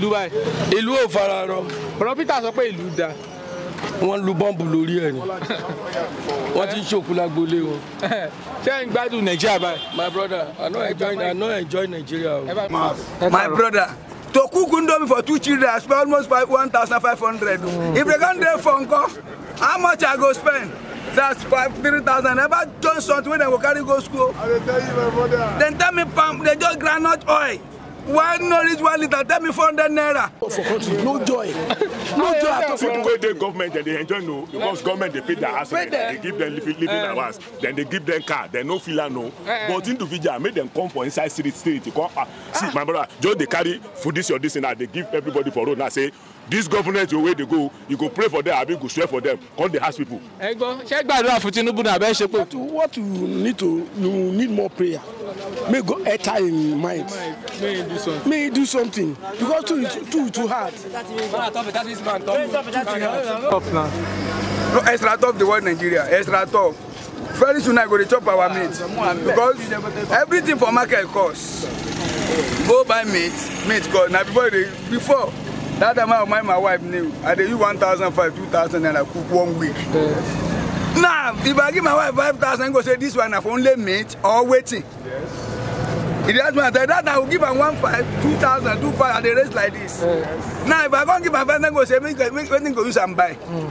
ìlú báyìí ìlú ò fara rọ ọ̀rọ̀ Peter sọ pé ìlú da wọ́n lu bọ́ǹbù lórí ẹ̀ ni wọ́n ti ń ṣòkú lágboolé wọn. ṣé ń gbádùn nàìjíríà báyìí. my brother i no enjoy i no nigeria o. my brother to cook indomie for two children i spend almost five one thousand five hundred if they come dey for nko how much i go spend that's five three thousand never join something wey dem go carry go school. i dey tell you my brother. dem tell me palm dey just groundnut oil one nourish one liter? tell me four hundred naira. for country no joy no joy at all people wey dey government dem dey enjoy no because government dey pay their house rent dey give dem living allowance dem dey give dem car dem no feel am no but individual make dem come for inside street street come ah see ah. my brother just dey carry food this your this thing na ah, dey give everybody for road na say This government wey dey go you go pray for them abi go swear for them come dey ask people. ẹ gbọ́ ṣé gbàdúrà fún tinubu náà abẹ́ pé. what you need to you need more prayer may go enter in mind may he do something, may he do something. because too too too hard. no extra tough the world nigeria extra tough very soon i go dey chop our meat because everything for market cost go buy meat meat cost na before e dey before that time i marry my wife new i dey use one thousand five two thousand naira cook one week now if i give my wife five thousand go say this one na for only meat or wetin yes. e dey ask me i tell that time i give am one five two thousand two five i dey raise like this yes. now if i come give my five then go say make make wetin go use am buy. Mm.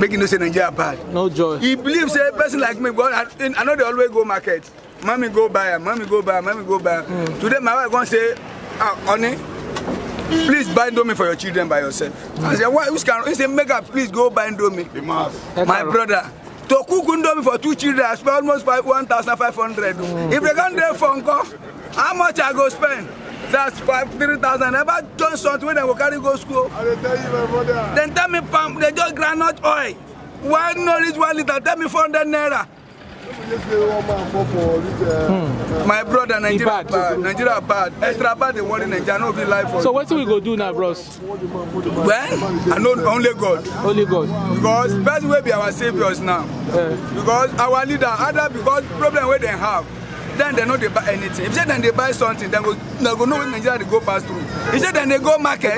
make you e know say Nigeria bad. No joy. He believes say person like me, God, I, I know they always go market. Mommy go buy, mommy go buy, mommy go buy. Mm. Today my wife gonna say, ah, honey, please buy Indomie for your children by yourself. Mm. I said, why? Who's can? He said, make up, please go buy Indomie. My brother. To cook Indomie for two children, I spend almost five one thousand five hundred. If they can't do for uncle, how much I go spend? That's five, three thousand. Ever done something when they will carry go school? I tell you, my brother. Then tell me, pump, they just granite oil. One not this one liter? Tell me four hundred naira. Hmm. My brother, Nigeria bad. bad. Nigeria bad. Extra bad, The want in Nigeria, no be life. So, what we go do now, bros? When? I know only God. Only God. Because, best way be our saviors now. Yeah. Because our leader, other because problem where they have. then they no dey buy anything if they dem dey buy something dem go dem go know wey nigeria dey go pass through if they dem dey go market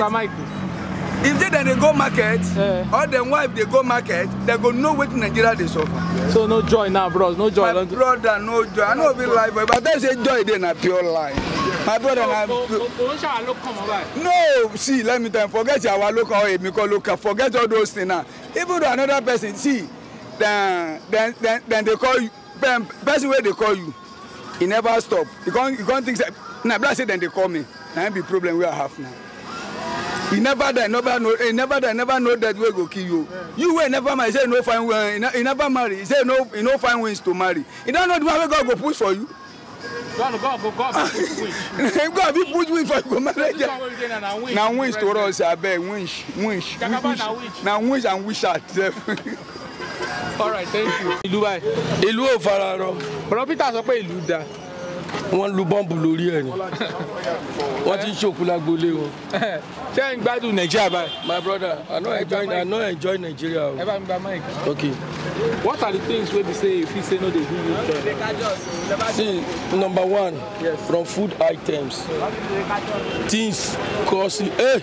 if they then they go market yeah. or them wife they go market they go know wetin nigeria they suffer. so no joy now bros no joy. my brother no joy i know be life, but i say joy dey na pure life. my brother oh, na. Oh, oh, oníṣàwà ló no see let me tell you forget your local or emi local forget all those things now. even though another person see then then then, then they call you then person wey dey call you He never stop you can't you come think that. Now, be like Then they call me na be problem we i have now he never die never know he never die never know death wey go kill you you wey never marry say you no find uh, he never marry say you no you no find wins to marry you don know the one wey god go push for you. God, go God, God, God, God, be put win for you. marriage. Na wins to us, abeg, wins, wins, Na wins and wish at sef. All right, thank you. Ìlú báyìí. Ìlú ò fara rọ. Bọ̀dọ̀ Peter sọ pé ìlú dáa wọ́n lu bọ́ǹbù lórí ẹ̀ ni wọ́n ti ń ṣòkú lágboolé wọn. ṣé ń gbádùn nàìjíríà báyìí. my brother i no enjoy i no enjoy nigeria o. ẹ bá mi gba mic. okay. what are the things wey be say you fit say no dey do you joy. see number one yes. from food items things costly eh.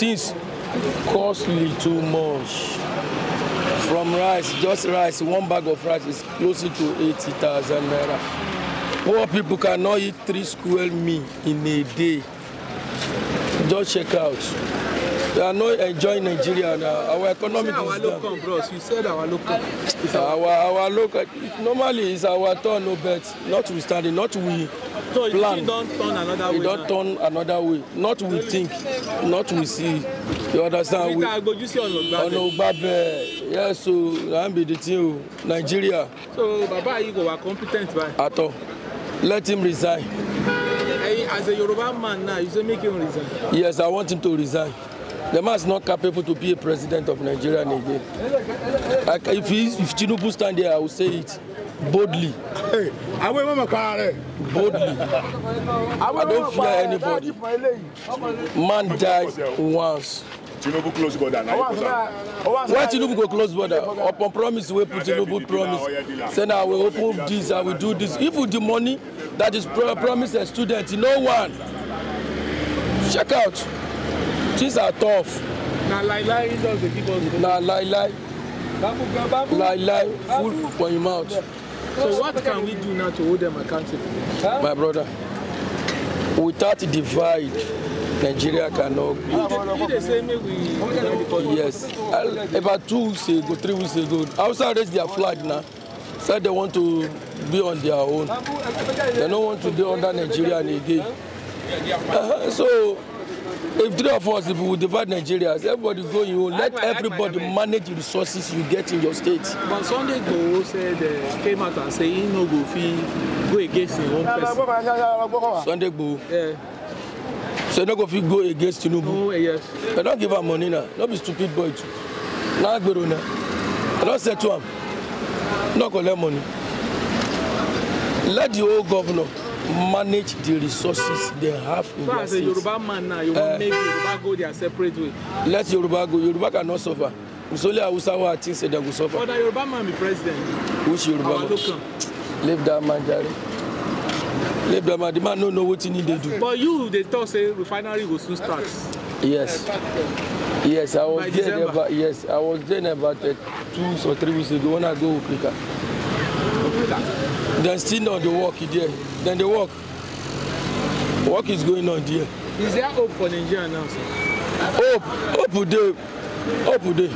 things costly too much. From rice, just rice, one bag of rice is closer to eighty thousand naira. Poor people cannot eat three square meal in a day. Just check out. They are not enjoying Nigeria now. Our economy is down. our local, bros. You said our local. our our local. Normally, it's our turn, no bet. Not we Notwithstanding, not we so plan so don turn another way. e don turn another way not we think not we see you understand we ọ̀nà ògbà bẹ́ẹ̀ yes o na be the thing o oh. nigeria. so baba yìí go wa competent by. at all let him resign. Hey, as a yoruba man now you say make him resign. yes i want him to resign. The man is not capable to be a president of Nigeria again. Like if, he, if Tinubu stand there, I will say it boldly àwọn èèmọ̀ mọ̀ pa rẹ̀. boldly i don't fear anybody man died once. Tinubu close border na you cause am. Why Tinubu go close border? Upon promise wey Tinubu promise say na we will open this, I will do this. If with the money that is pro promised a student, no one. Check out. Things are tough. Na lie lie just dey give us. Na lie lie. Lie lie full for im mouth. So what can we do now to hold them accountable? Huh? My brother, without divide, Nigeria cannot. You they say me we. Yes, about two weeks ago, three weeks ago, outside raised their flag now. Said they want to be on their own. They don't want to be under Nigeria again. Uh, so If three of us, if we divide Nigeria, everybody go you let everybody manage the resources you get in your state. But Sunday go said uh, came out and say he no go fit go against your own person. Sunday go. Yeah. So he no go fit go against Tinubu. Oh, yes. But don't give am money now. Don't be stupid boy too. Na Agbero na. I don settle am. No collect money. Let the old governor manage the resources they have in so their state. So as a Yoruba man now, you uh, eh. want make Yoruba go their separate way? Let Yoruba go. Yoruba cannot suffer. It's only Hausawa things that will suffer. But the Yoruba man be president. Which Yoruba man? Leave that man, Jerry. Leave that man. The man no know what he need to do. But you, they talk say refinery will soon start. Yes. Yes, I was By there December. about yes, I was there about uh, two or three weeks ago when I go Africa. Africa. Then still on the work there. Then the work. Work is going on there. Is there hope for Nigeria now, sir? Hope. Hope there. Hope there.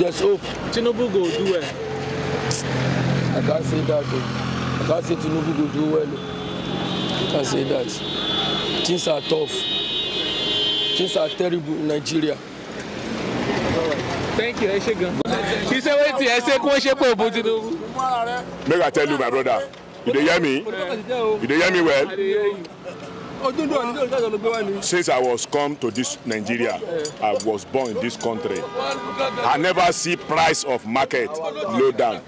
There's hope. Tinubu go do well. I can't say that. Though. I can't say Tinubu go do well. I can't say that. Things are tough. Things are terrible in Nigeria. Thank you, Eshegan. He said, wait, I said, Kwon Shepo Tinubu make i tell you my brother you dey hear me you dey hear me well since i was come to this nigeria i was born in this country i never see price of market low down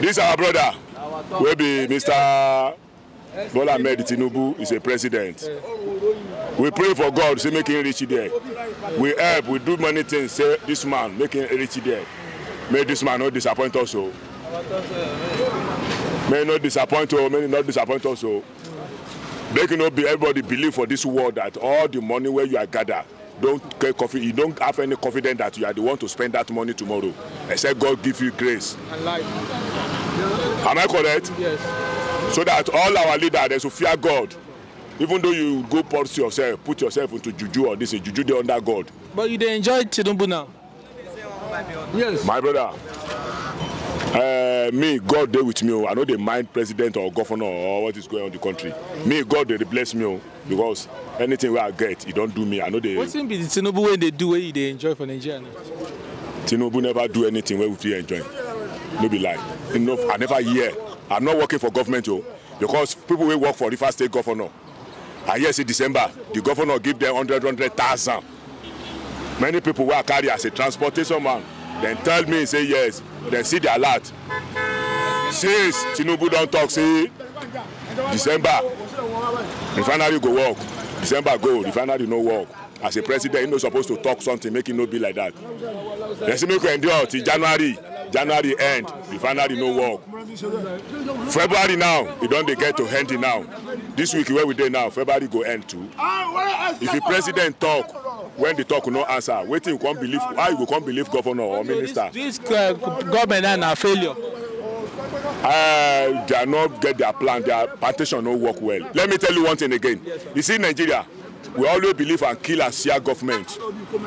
this our brother wey be mr bola ahmed tinubu is a president we pray for god say make him reach there we help we do many things say this man make him reach there May this man no disappoint us o. Oh. So. May not disappoint us, may not disappoint us. So. Oh. Make not be everybody believe for this world that all the money where you are gathered, don't get coffee, you don't have any confidence that you are the one to spend that money tomorrow. Except God give you grace. And life. Am I correct? Yes. So that all our leaders they should fear God. Even though you go pursue yourself, put yourself into juju or this juju they under God. But you they enjoy Tidumbu now. Yes. My brother. Uh, me, God dey with me. Oh. I no dey mind president or governor or what is going on in the country. Me, God dey bless me oh, because anything wey I get, e don do me. I no dey. Wetin be the Tinubu wey dey do wey you dey enjoy for Nigeria now? Tinubu never do anything wey we fit enjoy. No be lie. Enough. I never hear. I'm not working for government o oh, because people wey work for Rivers State governor, I hear say December the governor give them hundred hundred thousand. Many people wey I carry as a transportation man dem tell me say yes dem see the alert since tinubu don talk say december refinery go work december go refinery no work as a president he no suppose to talk something make e no be like that dem say make we endure till january january end refinery no work february now e don dey get to end now this week wey we dey now february go end too if the president talk when the talk no answer wetin you come believe how you go come believe governor or minister. this, this uh, government now na failure. Uh, they are get their plan their partition no work well let me tell you one thing again you see nigeria we always believe and kill and share government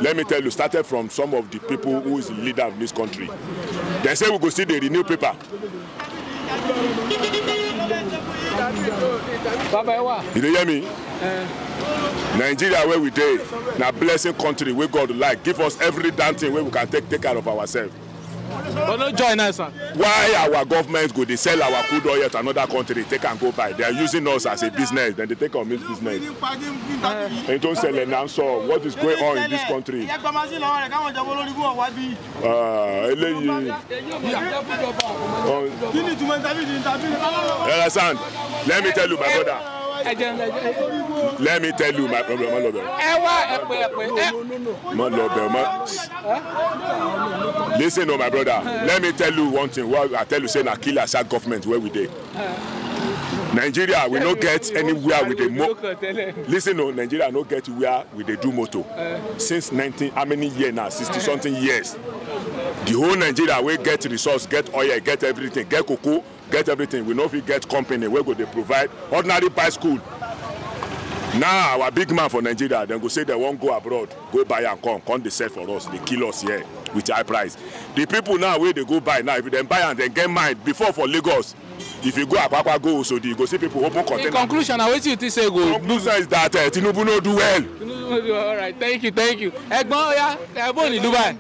let me tell you started from some of the people who is the leader of this country they say we go still dey renew paper you dey hear me nigeria wey we dey na blessing country wey god like give us every damn thing wey we can take take care of ourselves. but no join us sir. why our government go dey sell our crude oil to another country take am go buy they are using us as a business dem dey take our make business. ẹni tó ń ṣẹlẹ̀ náà sọ what is going on in this country. Ah, eléyìí. understand let me tell you my brother. Let me tell you my problem má lọ bẹ̀. ẹ wá ẹpẹ ẹpẹ ẹ. má lọ bẹ̀ má. listen o oh, my brother let me tell you one thing wey i tell you say na kill asa government where we dey. nigeria we no get anywhere we dey mo listen o oh, nigeria no get where we dey do moto. since nineteen how many years now sixty something years the whole nigeria wey get resource get oil get everything get cocoa get everything we no fit get company wey go dey provide ordinary buy school. now our big man for nigeria dem go say dem wan go abroad go buy am come come dey sell for us dey kill us here with high price the people now wey dey go buy now if dem buy am dem get mind before for lagos if you go apapa go osodi you go see people open container. in conclusion na wetin you think say go. conclusion is that uh, tinubu no do well. tinubu no do well alright thank you thank you ẹ̀gbọ́n oya ẹbọn ni dubai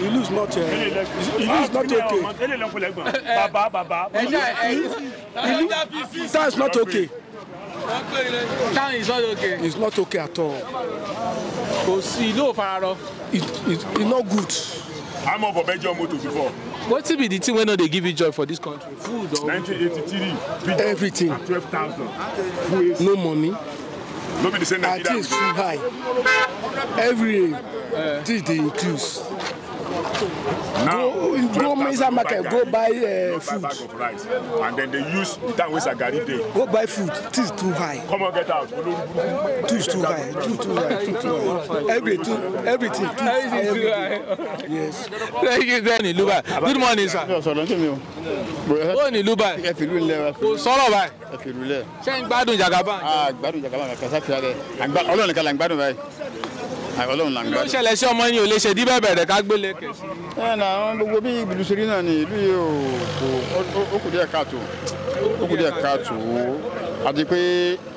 ìlú is not eh, ìlú is not okay. Baba, baba. that is not okay. town is not okay. it's not okay at all. kò sí ìlú ò fararọ. it not good. I'm over for Belgium motor before. wetin be the thing when they give you joy for this country food or. nineteen everything at twelve thousand. no money. no be the same nigeria. too high every day uh, eh. things dey increase now go inside market go buy uh, food bag of rice and then they use the time wey sagari dey go buy food things too high come on get out things too high too too high too too high everything everything too high yes. thank you Danny Luba good morning sir. ó ní Luba kò sọ̀rọ̀ báyìí ṣé ń gbádùn Jagaban. Ah, gbádùn Jagaban kàkà sáfìyà rẹ̀ ọlọ́run nìkan là ń gbádùn báyìí ọlọ́run là ń gbádùn. ló ṣẹlẹ̀ sí ọmọ yín ò lè ṣe dí bẹ́ẹ̀ bẹ̀rẹ̀ ká gbélé kẹ̀ sí. ẹ nà àwọn gbogbo bí ìbìlú ṣe rí náà ni ìlú yìí ó kù díẹ̀ káàtó ó kù díẹ̀ káàtó àti pé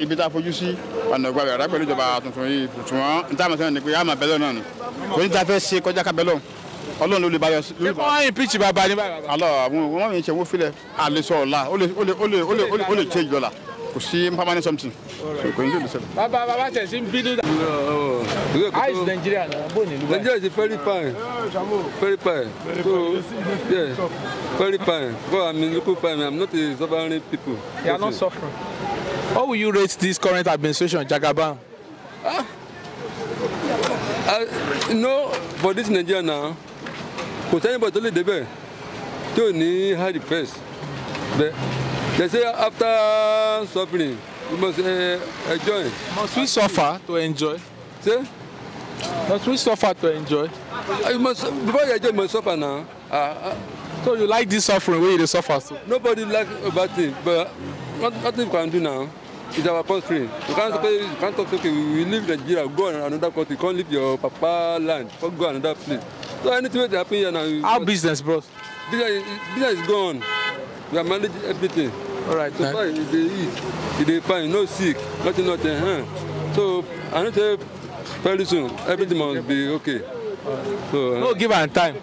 ibi tá a fojú sí ọ̀nà ìgbà rẹ̀ pẹ̀lú ìjọba tuntun yìí tuntun wọn n táwọn sẹ́yìn ni pé àmà bẹ́lọ̀ náà ni kò ní ta fẹ́ ṣe kọjá ká bẹ́lọ̀ ọlọ́run ló lè bá yọ sí. ṣé wọ́n yìn pitch bàbá ní báyìí. alọ àwọn wọn yìí ṣe wọ́n filẹ̀ àlesọ̀ ọ̀la ó lè change dọ́là kò sí permanent ní jòlè bàbá bàbá tẹ̀ sí bínú. how is nigeria na bó ni dubai. nigeria is very fine very fine so very fine but i'm local fine i'm not a suffering people. you are not suffering. how will you rate this current administration jagaban. ah i know for this nigeria now kò sẹ́yìn bọ̀ tó lè débẹ̀ tí ò ní high the press bẹ́ẹ̀. They say after suffering, you must uh, enjoy. Must we suffer to enjoy? Say? Must we suffer to enjoy? Uh, you must, before you enjoy, you must suffer now. Uh, uh, so you like this suffering where you suffer so? Nobody like a bad thing, but nothing what can do now? It's our country. You can't, okay, you can't talk, okay, we leave Nigeria, go another country, can't leave your papa land, can't go another place. So anything that happen here now... Our business, bros. Business, business is gone we are managing everything. all right so far you they eat you dey fine no sick nothing nothing huh? so i know say very soon everything must be okay. so uh, no give am time.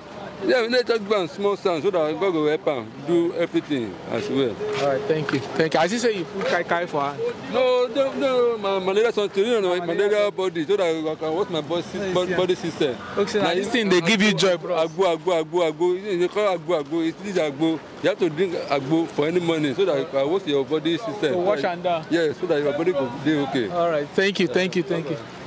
Yeah, we need to go small stand so that God will help and do everything as well. All right, thank you. Thank you. As you say you put kai kai for her. No, no, no, my malaria something, you know, my malaria body, so that I can watch my body, body, body system. Okay, now this thing, they give you joy, bro. Agbo, agbo, agbo, agbo. They call agbo, agbo. It is agbo. You have to drink agbo for any money so that I can watch your body system. To wash and down. Uh, yeah, so that your body will be okay. All right, thank you, thank you, thank you.